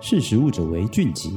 識食物者為俊傑。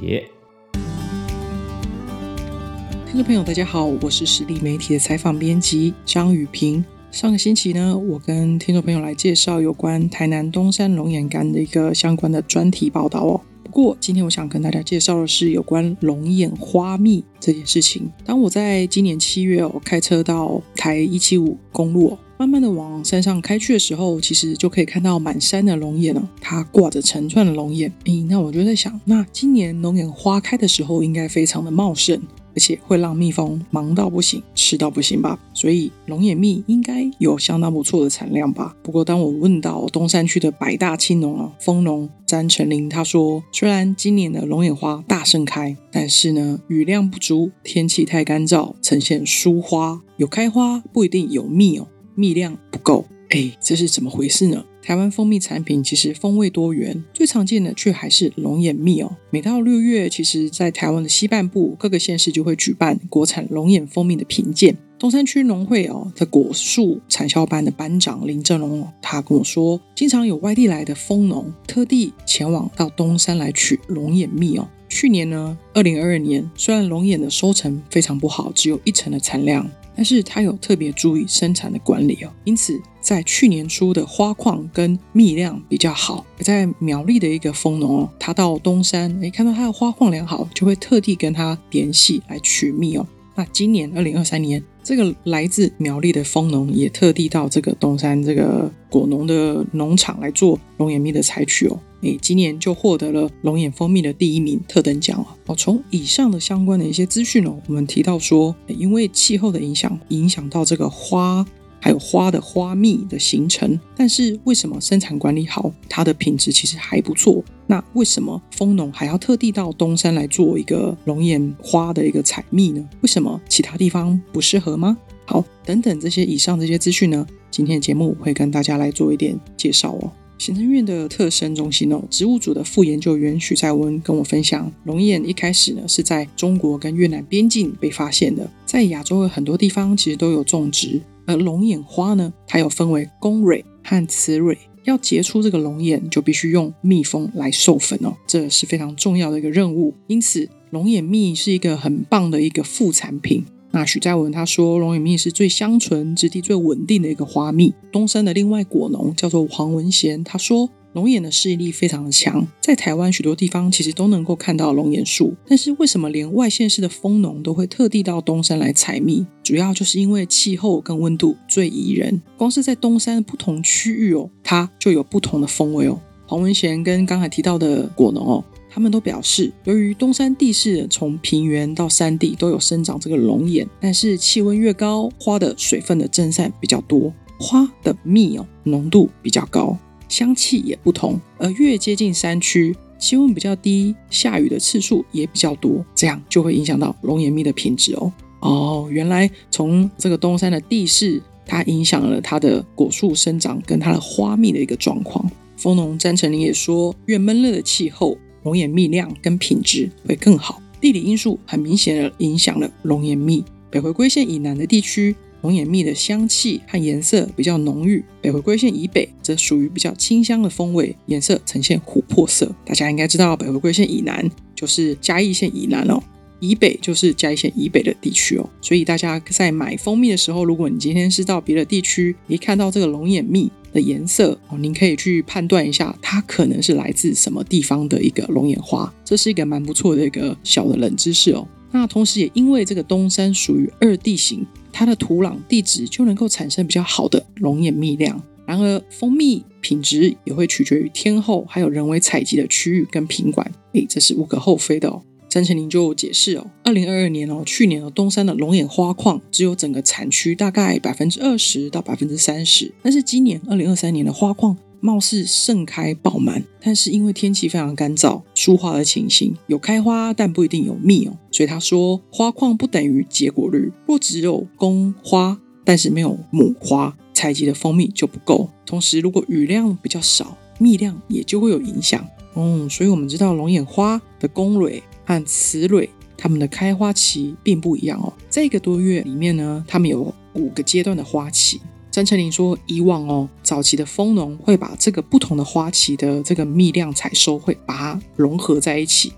聽眾朋友，大家好，我是食力媒體的採訪編輯張語屏。上個星期呢，我跟聽眾朋友來介紹有關台南東山龍眼乾的一個相關的專題報道哦。不過今天我想跟大家介紹的是有關龍眼花蜜這件事情。當我在今年七月哦，開車到台一七五公路，哦慢慢的往山上開去的時候，其實就可以看到滿山的龍眼了啊。它掛着成串的龍眼誒。那我就在想，那今年龍眼花開的時候應該非常的茂盛，而且會讓蜜蜂忙到不行，吃到不行吧？所以龍眼蜜應該有相當不錯的產量吧？不過當我問到東山區的百大青農了啊，蜂農詹成林，他說，雖然今年的龍眼花大盛開，但是呢，雨量不足，天氣太乾燥，呈現疏花，有開花不一定有蜜哦。蜜量不夠，誒，這是怎麼回事呢？台灣蜂蜜產品其實風味多元，最常見的卻還是龍眼蜜哦。每到六月，其實，在台灣的西半部各個縣市就會舉辦國產龍眼蜂蜜的品鑑。東山區農會哦的果樹產銷班的班長林正龍，哦，他跟我說，經常有外地來的蜂農特地前往到東山來取龍眼蜜哦。去年呢，二零二二年，雖然龍眼的收成非常不好，只有一成的產量。但是他有特別注意生產的管理哦，因此在去年初的花況跟蜜量比較好。在苗栗的一個蜂農哦，他到東山，你、欸、看到他的花況良好，就會特地跟他聯繫來取蜜哦。那今年二零二三年，這個來自苗栗的蜂農也特地到這個東山這個果農的農場來做龍眼蜜的採取哦。誒，今年就獲得了龍眼蜂蜜的第一名特等獎哦。哦，從以上的相關的一些資訊呢，我們提到說，因為氣候的影響，影響到這個花。還有花的花蜜的形成，但是為什麼生產管理好，它的品質其實還不錯？那為什麼蜂農還要特地到東山來做一個龍眼花的一個採蜜呢？為什麼其他地方不適合嗎？好，等等這些以上這些資訊呢，今天的節目會跟大家來做一點介紹哦。行政院的特生中心哦，植物組的副研究員許再文跟我分享，龍眼一開始呢是在中國跟越南邊境被發現的，在亞洲的很多地方其實都有種植。而龍眼花呢，它有分為公蕊和雌蕊，要結出這個龍眼，就必須用蜜蜂來授粉哦，這是非常重要的一個任務。因此，龍眼蜜是一個很棒的一個副產品。那許再文他說，龍眼蜜是最香醇、質地最穩定的一個花蜜。東山的另外果農叫做黃文賢，他說。龍眼的適應力非常的強，在台灣許多地方其實都能夠看到龍眼樹，但是為什麼連外縣市的蜂農都會特地到東山來採蜜？主要就是因為氣候跟溫度最宜人。光是在東山的不同區域哦，它就有不同的風味哦。黃文賢跟剛才提到的果農哦，他們都表示，由於東山地勢從平原到山地都有生長這個龍眼，但是氣溫越高，花的水分的蒸散比較多，花的蜜哦濃度比較高，香氣也不同，而越接近山區，氣溫比較低，下雨的次數也比較多，這樣就會影響到龍眼蜜的品質哦。哦，原來從這個東山的地勢，它影響了它的果樹生長跟它的花蜜的一個狀況。蜂農詹成林也說，越悶熱的氣候，龍眼蜜量跟品質會更好。地理因素很明顯地影響了龍眼蜜。北回歸線以南的地區，龍眼蜜的香氣和顏色比較濃郁，北回歸線以北則屬於比較清香的風味，顏色呈現琥珀色。大家應該知道，北回歸線以南就是嘉義縣以南哦，以北就是嘉義縣以北的地區哦。所以大家在買蜂蜜的時候，如果你今天是到別的地區，你看到這個龍眼蜜的顏色哦，您可以去判斷一下它可能是來自什麼地方的一個龍眼花。這是一個蠻不錯的一個小的冷知識哦。那同時也因為這個東山屬於二地形，它的土壤地質就能夠產生比較好的龍眼蜜量，然而蜂蜜品質也會取決於天候，還有人為採集的區域跟品管。哎、欸，這是無可厚非的哦。張成林就解釋哦，二零二二年哦，去年哦，東山的龍眼花況只有整個產區大概百分之二十到百分之三十，但是今年二零二三年的花況。貌似盛開爆滿，但是因為天氣非常乾燥，樹花的情形有開花，但不一定有蜜哦。所以他說，花況不等於結果率。若只有公花，但是沒有母花，採集的蜂蜜就不夠。同時，如果雨量比較少，蜜量也就會有影響。嗯，所以我們知道龍眼花的公蕊和雌蕊，它們的開花期並不一樣哦。在一個多月裡面呢，它們有五個階段的花期。詹成林說：“以往哦，早期的蜂農會把這個不同的花期的這個蜜量採收，會把它融合在一起，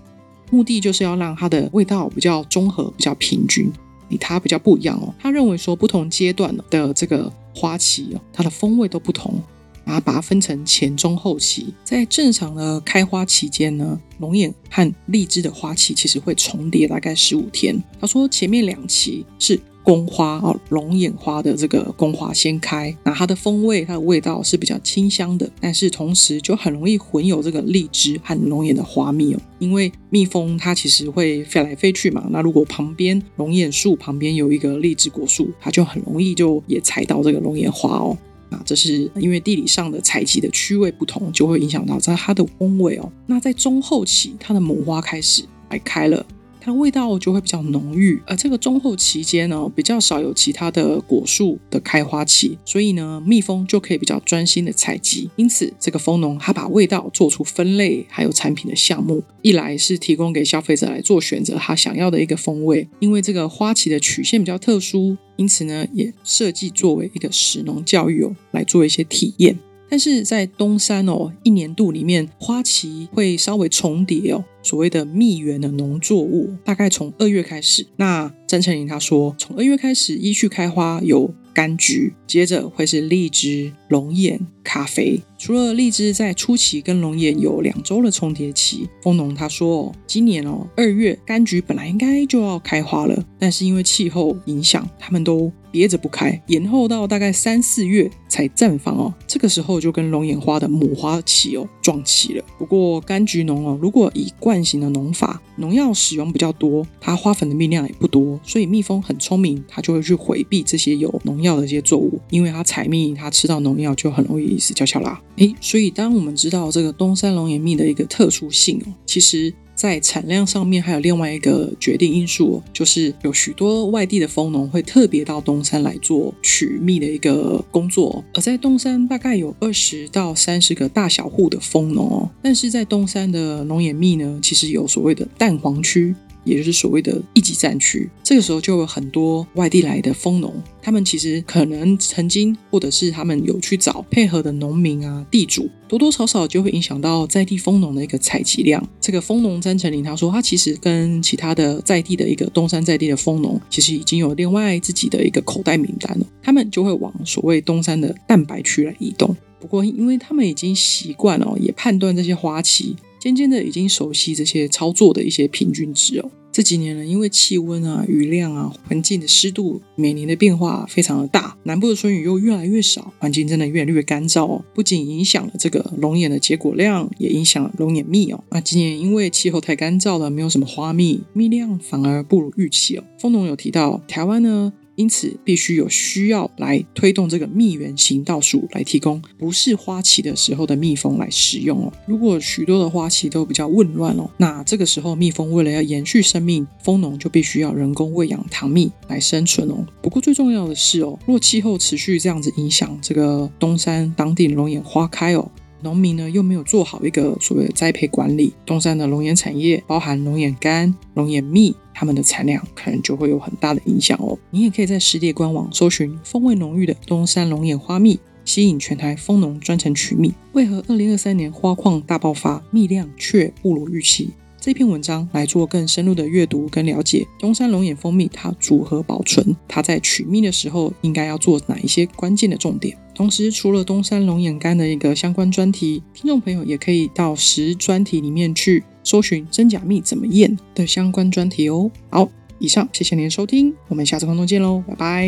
目的就是要讓它的味道比較綜合、比較平均，比它比較不一樣哦。他認為說，不同階段的這個花期哦，它的風味都不同，然後把它分成前、中、後期。在正常的開花期間呢，龍眼和荔枝的花期其實會重疊大概十五天。他說前面兩期是。”公花哦，龍眼花的這個公花先開，那它的風味、它的味道是比較清香的，但是同時就很容易混有這個荔枝和龍眼的花蜜哦，因為蜜蜂它其實會飛來飛去嘛,那如果旁邊龍眼樹旁邊有一個荔枝果樹，它就很容易就也採到這個龍眼花哦，啊，這是因為地理上的採集的區位不同，就會影響到在它的風味哦，那在中後期它的母花開始還開了。它的味道就會比較濃郁，而這個中後期間呢、哦，比較少有其他的果樹的開花期，所以呢，蜜蜂就可以比較專心的採集。因此，這個蜂農他把味道做出分類，還有產品的項目，一來是提供給消費者來做選擇他想要的一個風味，因為這個花期的曲線比較特殊，因此呢，也設計作為一個食農教育哦來做一些體驗。但是在東山哦，一年度裡面花期會稍微重疊哦。所謂的蜜源的農作物，大概從二月開始。那張成林他說，從二月開始依序開花有柑橘，接着會是荔枝、龍眼、咖啡。除了荔枝在初期跟龍眼有兩周的重疊期，蜂農他說哦，今年哦二月柑橘本來應該就要開花了，但是因為氣候影響，它們都憋着不開，延後到大概三四月才綻放哦。這個時候就跟龍眼花的母花期哦撞期了。不過柑橘農哦，如果以慣行的農法，農藥使用比較多，它花粉的蜜量也不多，所以蜜蜂很聰明，它就會去回避這些有農藥的這些作物，因為它採蜜它吃到農藥就很容易死翹翹啦。誒所以當我們知道這個東山龍眼蜜的一個特殊性哦，其實在產量上面還有另外一個決定因素，就是有許多外地的蜂農會特別到東山來做取蜜的一個工作，而在東山大概有二十到三十個大小戶的蜂農哦，但是在東山的龍眼蜜呢，其實有所謂的蛋黃區。也就是所謂的一級戰區，這個時候就有很多外地來的蜂農，他們其實可能曾經或者是他們有去找配合的農民啊、地主，多多少少就會影響到在地蜂農的一個採集量。這個蜂農詹成林他說，他其實跟其他的在地的一個東山在地的蜂農，其實已經有另外自己的一個口袋名單了，他們就會往所謂東山的蛋白區來移動。不過，因為他們已經習慣了，哦，也判斷這些花期。漸漸的已經熟悉這些操作的一些平均值哦。這幾年呢，因為氣溫啊、雨量啊、環境的濕度每年的變化非常的大，南部的春雨又越來越少，環境真的越來越乾燥哦。不僅影響了這個龍眼的結果量，也影響了龍眼蜜哦。那、啊、今年因為氣候太乾燥了，沒有什麼花蜜，蜜量反而不如預期哦。蜂農有提到，台灣呢？因此，必須有需要來推動這個蜜源行道樹來提供，不是花期的時候的蜜蜂來使用哦。如果許多的花期都比較混亂哦，那這個時候蜜蜂為了要延續生命，蜂農就必須要人工餵養糖蜜來生存哦。不過最重要的是哦，若氣候持續這樣子影響這個東山當地的龍眼花開哦，農民呢又沒有做好一個所謂的栽培管理，東山的龍眼產業包含龍眼乾、龍眼蜜。他們的產量可能就會有很大的影響哦。你也可以在食力官網搜尋風味濃郁的東山龍眼花蜜，吸引全台蜂農專程取蜜。為何二零二三年花況大爆發，蜜量卻不如預期？這篇文章來做更深入的閱讀跟了解。東山龍眼蜂蜜它如何保存？它在取蜜的時候應該要做哪一些關鍵的重點？同時，除了東山龍眼乾的一個相關專題，聽眾朋友也可以到食專題裡面去。搜尋真假蜜怎麼驗的相關專題哦。好，以上謝謝您的收聽，我們下次空中見嘍，拜拜。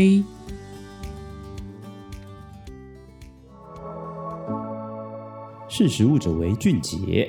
識食物者為俊傑。